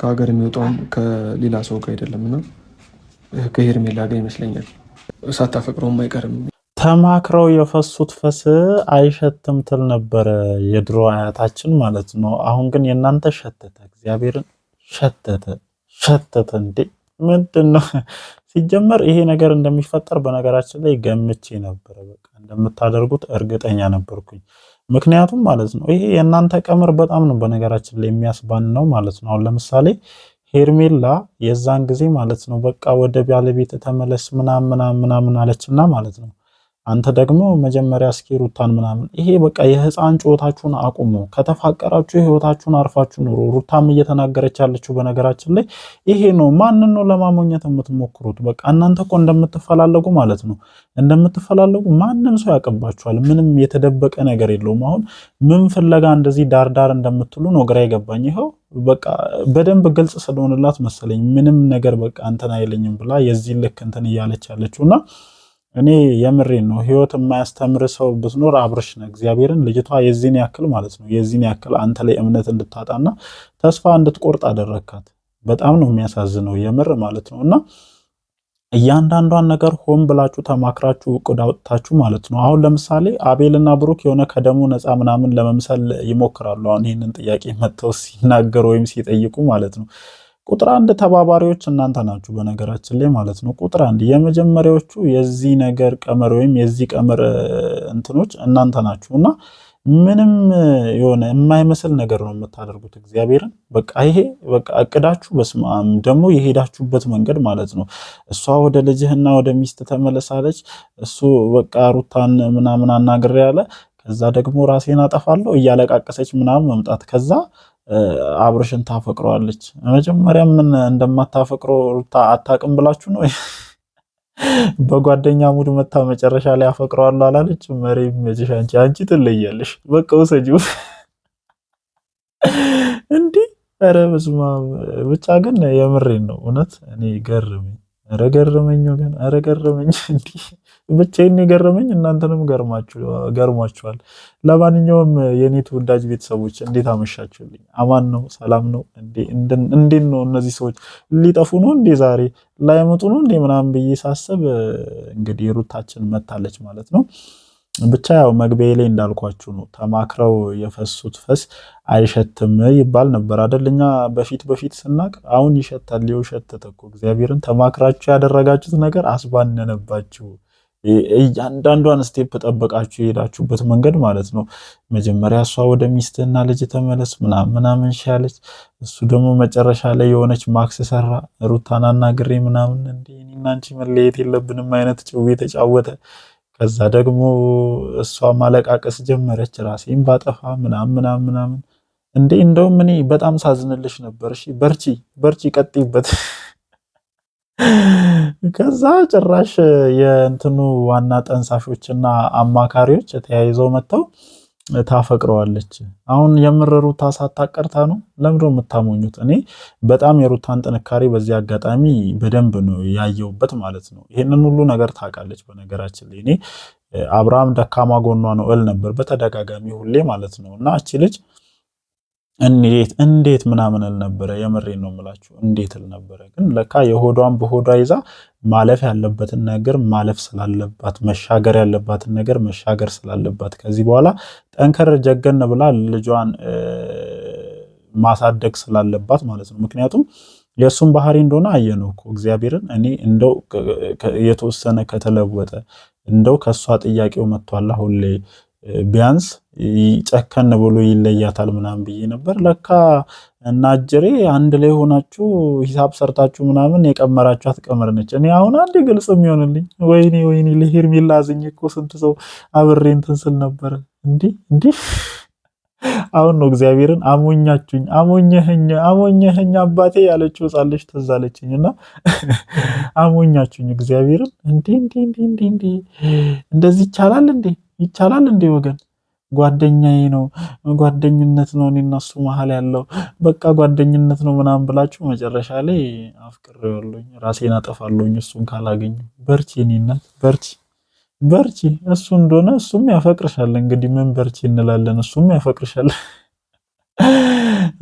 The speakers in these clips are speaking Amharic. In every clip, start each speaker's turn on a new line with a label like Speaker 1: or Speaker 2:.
Speaker 1: ከሀገር የሚወጣውም ከሌላ ሰው ጋር አይደለም እና ከሄርሜላ ጋር ይመስለኛል። ሳታፈቅረውም አይቀርም።
Speaker 2: ተማክረው የፈሱት ፈስ አይሸትም ትል ነበረ የድሮ አያታችን ማለት ነው። አሁን ግን የእናንተ ሸተተ፣ እግዚአብሔርን ሸተተ ሸተተ። እንዴ ምንድን ነው ሲጀመር ይሄ ነገር እንደሚፈጠር በነገራችን ላይ ገምቼ ነበረ። በቃ እንደምታደርጉት እርግጠኛ ነበርኩኝ። ምክንያቱም ማለት ነው ይሄ የእናንተ ቀመር በጣም ነው በነገራችን ላይ የሚያስባን ነው ማለት ነው። አሁን ለምሳሌ ሄርሜላ የዛን ጊዜ ማለት ነው በቃ ወደ ባለቤት ተመለስ ምናምን ምናምን አለችና ማለት ነው አንተ ደግሞ መጀመሪያ እስኪ ሩታን ምናምን ይሄ በቃ የህፃን ጩኸታችሁን አቁሙ። ከተፋቀራችሁ ህይወታችሁን አርፋችሁ ኑሩ። ሩታም እየተናገረች ያለችው በነገራችን ላይ ይሄ ነው። ማንን ነው ለማሞኘት የምትሞክሩት? በቃ እናንተ እኮ እንደምትፈላለጉ ማለት ነው እንደምትፈላለጉ ማንም ሰው ያቀባችኋል። ምንም የተደበቀ ነገር የለውም። አሁን ምን ፍለጋ እንደዚህ ዳርዳር እንደምትሉ ነው ግራ የገባኝ። ይኸው በቃ በደንብ ግልጽ ስለሆንላት መሰለኝ ምንም ነገር በቃ እንትን አይለኝም ብላ የዚህ ልክ እንትን እያለች ያለችውና እኔ የምሬን ነው። ህይወት የማያስተምር ሰው ብትኖር አብርሽ ነው። እግዚአብሔርን ልጅቷ የዚህን ያክል ማለት ነው የዚህን ያክል አንተ ላይ እምነት እንድታጣና ተስፋ እንድትቆርጥ አደረግካት። በጣም ነው የሚያሳዝነው የምር ማለት ነው እና እያንዳንዷን ነገር ሆን ብላችሁ ተማክራችሁ እቅድ አውጥታችሁ ማለት ነው። አሁን ለምሳሌ አቤልና ብሩክ የሆነ ከደሙ ነፃ ምናምን ለመምሰል ይሞክራሉ። አሁን ይህንን ጥያቄ መጥተው ሲናገሩ ወይም ሲጠይቁ ማለት ነው ቁጥር አንድ ተባባሪዎች እናንተ ናችሁ፣ በነገራችን ላይ ማለት ነው። ቁጥር አንድ የመጀመሪያዎቹ የዚህ ነገር ቀመር ወይም የዚህ ቀመር እንትኖች እናንተ ናችሁ እና ምንም የሆነ የማይመስል ነገር ነው የምታደርጉት። እግዚአብሔርን በቃ ይሄ በቃ እቅዳችሁ በስማም ደግሞ የሄዳችሁበት መንገድ ማለት ነው። እሷ ወደ ልጅህና ወደ ሚስት ተመለሳለች። እሱ በቃ ሩታን ምናምን አናግሬ ያለ ከዛ ደግሞ ራሴን አጠፋለሁ እያለቃቀሰች ምናምን መምጣት ከዛ አብርሽን ታፈቅረዋለች። መጀመሪያ ምን እንደማታፈቅረው አታቅም ብላችሁ ነው በጓደኛ ሙድ መታ መጨረሻ ላይ አፈቅረዋለሁ አላለች። መሪ መጅሽ አንቺ አንቺ ትለያለሽ። በቃ ውሰጂው እንዲህ ኧረ በስመ አብ ብቻ ግን የምሬን ነው እውነት እኔ ገርም ኧረ ገረመኝ ወገን፣ ኧረ ገረመኝ። እንዲህ ብቻዬን የገረመኝ እናንተንም ገርሟችኋል። ለማንኛውም የእኔ ተወዳጅ ቤተሰቦች እንዴት አመሻችሁልኝ? አማን ነው? ሰላም ነው? እንዴት ነው? እነዚህ ሰዎች ሊጠፉ ነው እንዴ? ዛሬ ላይመጡ ነው እንዴ? ምናምን ብዬ ሳስብ እንግዲህ ሩታችን መታለች ማለት ነው። ብቻ ያው መግቢያ ላይ እንዳልኳችሁ ነው። ተማክረው የፈሱት ፈስ አይሸትም ይባል ነበር አደል? እኛ በፊት በፊት ስናቅ አሁን ይሸታል። ሊው ሸተተ እኮ እግዚአብሔርን ተማክራችሁ ያደረጋችሁት ነገር አስባነነባችሁ። እያንዳንዷን ስቴፕ ጠበቃችሁ የሄዳችሁበት መንገድ ማለት ነው። መጀመሪያ እሷ ወደ ሚስትና ልጅ ተመለስ ምናምን ሻለች። እሱ ደግሞ መጨረሻ ላይ የሆነች ማክስ ሰራ። ሩታናና ግሬ ምናምን እንዲህ እኔና አንቺ መለየት የለብንም አይነት ጭዌ ተጫወተ። ከዛ ደግሞ እሷ ማለቃቀስ ጀመረች። ራሴን ባጠፋ ምናምን ምናምን ምናምን እንዴ እንደውም እኔ በጣም ሳዝንልሽ ነበር። እሺ በርቺ በርቺ ቀጥይበት። ከዛ ጭራሽ የእንትኑ ዋና ጠንሳሾችና አማካሪዎች ተያይዘው መጥተው ታፈቅረዋለች። አሁን የምር ሩታ ሳታቀርታ ነው? ለምዶ የምታሞኙት? እኔ በጣም የሩታን ጥንካሬ በዚህ አጋጣሚ በደንብ ነው ያየውበት ማለት ነው። ይህንን ሁሉ ነገር ታውቃለች። በነገራችን ላይ እኔ አብርሃም ደካማ ጎኗ ነው እል ነበር በተደጋጋሚ ሁሌ ማለት ነው እና እቺ ልጅ እንዴት እንዴት ምናምን አልነበረ። የምሬን ነው የምላችሁ፣ እንዴት አልነበረ። ግን ለካ የሆዷን በሆዷ ይዛ ማለፍ ያለበትን ነገር ማለፍ ስላለባት፣ መሻገር ያለባትን ነገር መሻገር ስላለባት ከዚህ በኋላ ጠንከር ጀገን ብላ ልጇን ማሳደግ ስላለባት ማለት ነው። ምክንያቱም የእሱን ባህሪ እንደሆነ አየነው እኮ እግዚአብሔርን። እኔ እንደው የተወሰነ ከተለወጠ እንደው ከእሷ ጥያቄው መጥቷላ ሁሌ ቢያንስ ጨከን ብሎ ይለያታል ምናምን ብዬ ነበር። ለካ እና አጀሬ አንድ ላይ ሆናችሁ ሂሳብ ሰርታችሁ ምናምን የቀመራችሁ ቀመር ነች። እኔ አሁን አንድ ግልጽ የሚሆንልኝ ወይኔ ወይኔ ልሄር አዝኜ እኮ ስንት ሰው አብሬ እንትን ስል ነበር። እንዲህ እንዲህ አሁን ነው እግዚአብሔርን አሞኛችሁኝ፣ አሞኘህኝ፣ አሞኘህኝ አባቴ ያለችው ሕፃን ልጅ ትዝ አለችኝ እና አሞኛችሁኝ እግዚአብሔርን እንዲህ እንዲህ እንዲህ እንደዚህ ይቻላል እንዴ? ይቻላል እንዴ ወገን? ጓደኛዬ ነው፣ ጓደኝነት ነው እኔና እሱ መሀል ያለው በቃ ጓደኝነት ነው ምናምን ብላችሁ መጨረሻ ላይ አፍቅሬዋለሁኝ፣ ራሴን አጠፋለሁኝ እሱን ካላገኙ በርቺ የእኔ እናት በርቺ፣ በርቺ። እሱ እንደሆነ እሱም ያፈቅርሻል። እንግዲህ ምን በርቺ እንላለን? እሱም ያፈቅርሻል።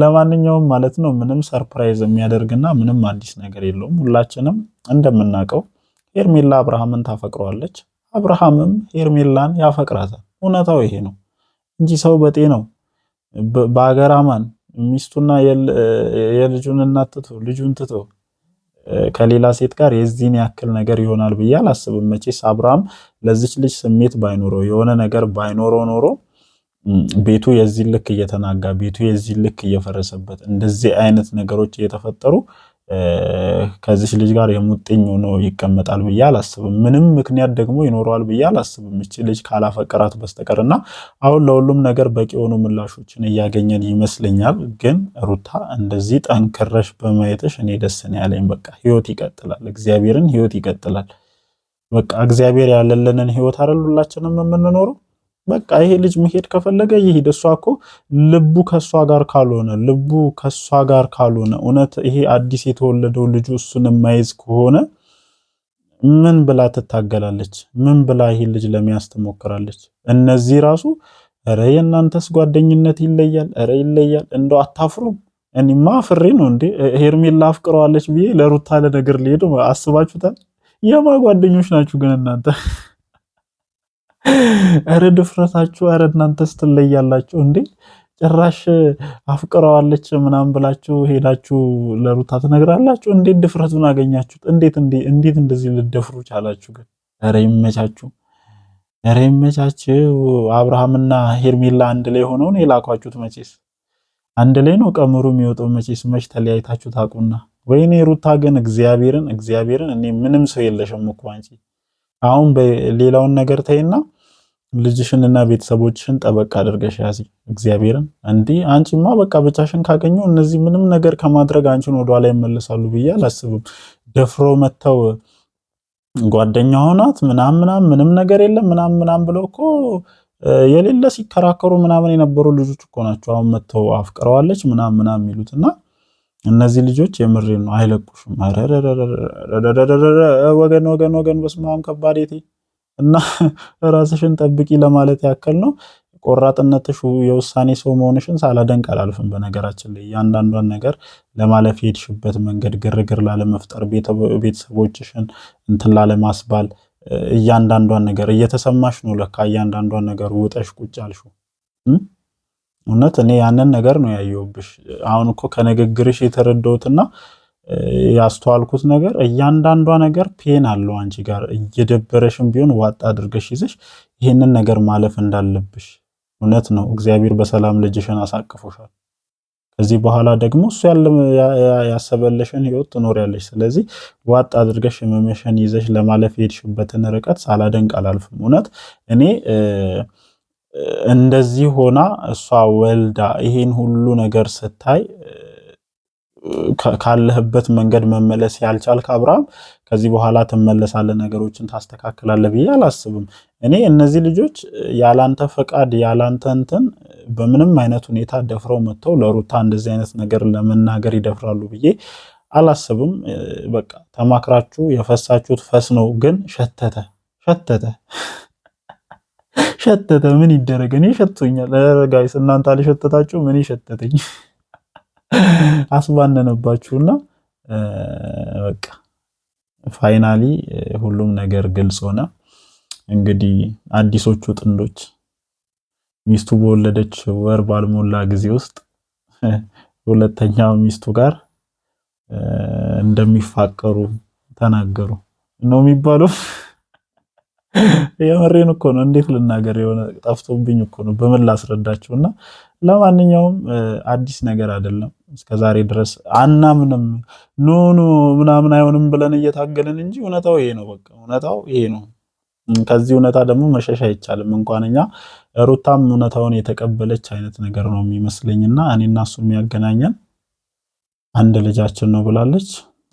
Speaker 2: ለማንኛውም ማለት ነው ምንም ሰርፕራይዝ የሚያደርግና ምንም አዲስ ነገር የለውም። ሁላችንም እንደምናውቀው ሄርሜላ አብርሃምን ታፈቅረዋለች። አብርሃምም ሄርሜላን ያፈቅራታል። እውነታው ይሄ ነው እንጂ ሰው በጤ ነው በአገራማን ሚስቱና የልጁን እናት ትቶ ልጁን ትቶ ከሌላ ሴት ጋር የዚህን ያክል ነገር ይሆናል ብዬ አላስብም። መቼስ አብርሃም ለዚች ልጅ ስሜት ባይኖረው የሆነ ነገር ባይኖረው ኖሮ ቤቱ የዚህ ልክ እየተናጋ ቤቱ የዚህ ልክ እየፈረሰበት እንደዚህ አይነት ነገሮች እየተፈጠሩ ከዚች ልጅ ጋር የሙጥኝ ሆኖ ይቀመጣል ብዬ አላስብም። ምንም ምክንያት ደግሞ ይኖረዋል ብዬ አላስብም እቺ ልጅ ካላፈቀራት በስተቀር እና አሁን ለሁሉም ነገር በቂ የሆኑ ምላሾችን እያገኘን ይመስለኛል። ግን ሩታ እንደዚህ ጠንክረሽ በማየትሽ እኔ ደስ ነው ያለኝ። በቃ ህይወት ይቀጥላል። እግዚአብሔርን ህይወት ይቀጥላል። በቃ እግዚአብሔር ያለልንን ህይወት አይደል ሁላችንም የምንኖረው በቃ ይሄ ልጅ መሄድ ከፈለገ ይሄድ። እሷ እኮ ልቡ ከእሷ ጋር ካልሆነ ልቡ ከእሷ ጋር ካልሆነ እውነት ይሄ አዲስ የተወለደው ልጁ እሱን የማይዝ ከሆነ ምን ብላ ትታገላለች? ምን ብላ ይሄ ልጅ ለመያዝ ትሞክራለች? እነዚህ ራሱ ኧረ የእናንተስ ጓደኝነት ይለያል፣ ኧረ ይለያል። እንደው አታፍሩም? እኔማ አፍሬ ነው እንዴ ሄርሜላ አፍቅረዋለች ብዬ ለሩታ ለነገር ሊሄድ አስባችሁታል? የማ ጓደኞች ናችሁ ግን እናንተ? እረ ድፍረታችሁ! እረ እናንተስ ትለያላችሁ እንዴ! ጭራሽ አፍቅረዋለች ምናምን ብላችሁ ሄዳችሁ ለሩታ ትነግራላችሁ። እንዴት ድፍረቱን አገኛችሁት? እንዴት እንዴት እንደዚህ ልደፍሩ ቻላችሁ? ግን እረ ይመቻችሁ፣ እረ ይመቻችሁ። አብርሃምና ሄርሜላ አንድ ላይ ሆነውን የላኳችሁት መቼስ አንድ ላይ ነው ቀምሩ የሚወጣው መቼስ። መች ተለያይታችሁ ታውቁና? ወይኔ ሩታ ግን እግዚአብሔርን እግዚአብሔርን እኔ ምንም ሰው የለሽም እኮ አንቺ። አሁን በሌላውን ነገር ተይና ልጅሽንና ቤተሰቦችሽን ጠበቅ አድርገሽ ያዚ። እግዚአብሔርን እንዲህ አንቺማ በቃ ብቻሽን ካገኙ እነዚህ ምንም ነገር ከማድረግ አንቺን ወደኋላ ይመለሳሉ ብዬ አላስብም። ደፍሮ መተው ጓደኛ ሆናት ምናም ምናም ምንም ነገር የለም ምናም ምናም ብለው እኮ የሌለ ሲከራከሩ ምናምን የነበሩ ልጆች እኮ ናቸው። አሁን መጥተው አፍቅረዋለች ምናም ምናም የሚሉት እና እነዚህ ልጆች የምሬ ነው አይለቁሽም። ወገን ወገን ወገን፣ በስመ አብ ከባድ እና ራስሽን ጠብቂ ለማለት ያክል ነው። ቆራጥነትሽ የውሳኔ ሰው መሆንሽን ሳላደንቅ አላልፍም። በነገራችን ላይ እያንዳንዷን ነገር ለማለፍ የሄድሽበት መንገድ ግርግር ላለመፍጠር፣ ቤተሰቦችሽን እንትን ላለማስባል እያንዳንዷን ነገር እየተሰማሽ ነው። ለካ እያንዳንዷን ነገር ውጠሽ ቁጭ አልሽው። እውነት እኔ ያንን ነገር ነው ያየሁብሽ። አሁን እኮ ከንግግርሽ የተረዳሁትና ያስተዋልኩት ነገር እያንዳንዷ ነገር ፔን አለው አንቺ ጋር እየደበረሽም ቢሆን ዋጣ አድርገሽ ይዘሽ ይህንን ነገር ማለፍ እንዳለብሽ እውነት ነው። እግዚአብሔር በሰላም ልጅሽን አሳቅፎሻል። ከዚህ በኋላ ደግሞ እሱ ያሰበለሽን ህይወት ትኖሪያለሽ። ስለዚህ ዋጥ አድርገሽ ህመምሽን ይዘሽ ለማለፍ የሄድሽበትን ርቀት ሳላደንቅ አላልፍም። እውነት እኔ እንደዚህ ሆና እሷ ወልዳ ይሄን ሁሉ ነገር ስታይ ካለህበት መንገድ መመለስ ያልቻልክ አብርሃም ከዚህ በኋላ ትመለሳለህ፣ ነገሮችን ታስተካክላለህ ብዬ አላስብም። እኔ እነዚህ ልጆች ያላንተ ፈቃድ ያላንተ እንትን በምንም አይነት ሁኔታ ደፍረው መጥተው ለሩታ እንደዚህ አይነት ነገር ለመናገር ይደፍራሉ ብዬ አላስብም። በቃ ተማክራችሁ የፈሳችሁት ፈስ ነው። ግን ሸተተ ሸተተ ሸተተ። ምን ይደረግ? እኔ ሸቶኛል ጋይስ። እናንተ አልሸተታችሁ? ምን ይሸተተኝ? አስባነነባችሁና በቃ ፋይናሊ ሁሉም ነገር ግልጽ ሆነ። እንግዲህ አዲሶቹ ጥንዶች ሚስቱ በወለደች ወር ባልሞላ ጊዜ ውስጥ ሁለተኛው ሚስቱ ጋር እንደሚፋቀሩ ተናገሩ ነው የሚባለው። የመሬን እኮ ነው። እንዴት ልናገር? የሆነ ጠፍቶብኝ እኮ ነው። በምን ላስረዳችሁና ለማንኛውም አዲስ ነገር አይደለም። እስከዛሬ ድረስ አናምንም ኖ ምናምን አይሆንም ብለን እየታገልን እንጂ እውነታው ይሄ ነው። በቃ እውነታው ይሄ ነው። ከዚህ እውነታ ደግሞ መሸሻ አይቻልም። እንኳን እኛ ሩታም እውነታውን የተቀበለች አይነት ነገር ነው የሚመስለኝና እኔና እሱ የሚያገናኘን አንድ ልጃችን ነው ብላለች።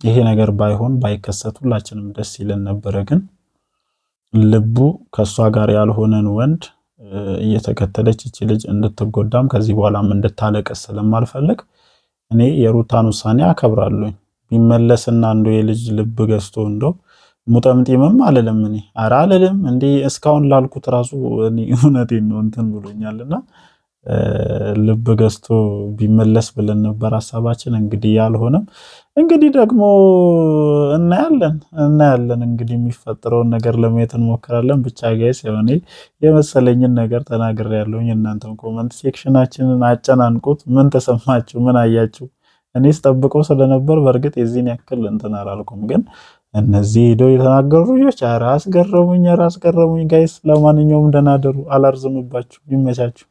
Speaker 2: ይሄ ነገር ባይሆን ባይከሰት ሁላችንም ደስ ይለን ነበረ። ግን ልቡ ከእሷ ጋር ያልሆነን ወንድ እየተከተለች እቺ ልጅ እንድትጎዳም ከዚህ በኋላም እንድታለቅስ ስለማልፈልግ እኔ የሩታን ውሳኔ አከብራለሁኝ። ቢመለስና እንዶ የልጅ ልብ ገዝቶ እንዶ ሙጠምጢምም አልልም እኔ አራ አልልም። እንዲህ እስካሁን ላልኩት ራሱ እውነቴን ነው እንትን ብሎኛልና ልብ ገዝቶ ቢመለስ ብለን ነበር ሀሳባችን። እንግዲህ ያልሆነም እንግዲህ ደግሞ እናያለን እናያለን እንግዲህ የሚፈጥረውን ነገር ለማየት እንሞክራለን። ብቻ ጋይስ የሆነ የመሰለኝን ነገር ያለውኝ እናንተም ኮመንት ሴክሽናችንን አጨናንቁት። ምን ተሰማችሁ? ምን አያችሁ? እኔስ ጠብቀው ስለነበር በእርግጥ የዚህን ያክል እንትን አላልኩም፣ ግን እነዚህ ሄደው የተናገሩ ልጆች ኧረ አስገረሙኝ፣ ኧረ አስገረሙኝ። ጋይስ ለማንኛውም ደህና ደሩ። አላርዝምባችሁ። ይመቻችሁ።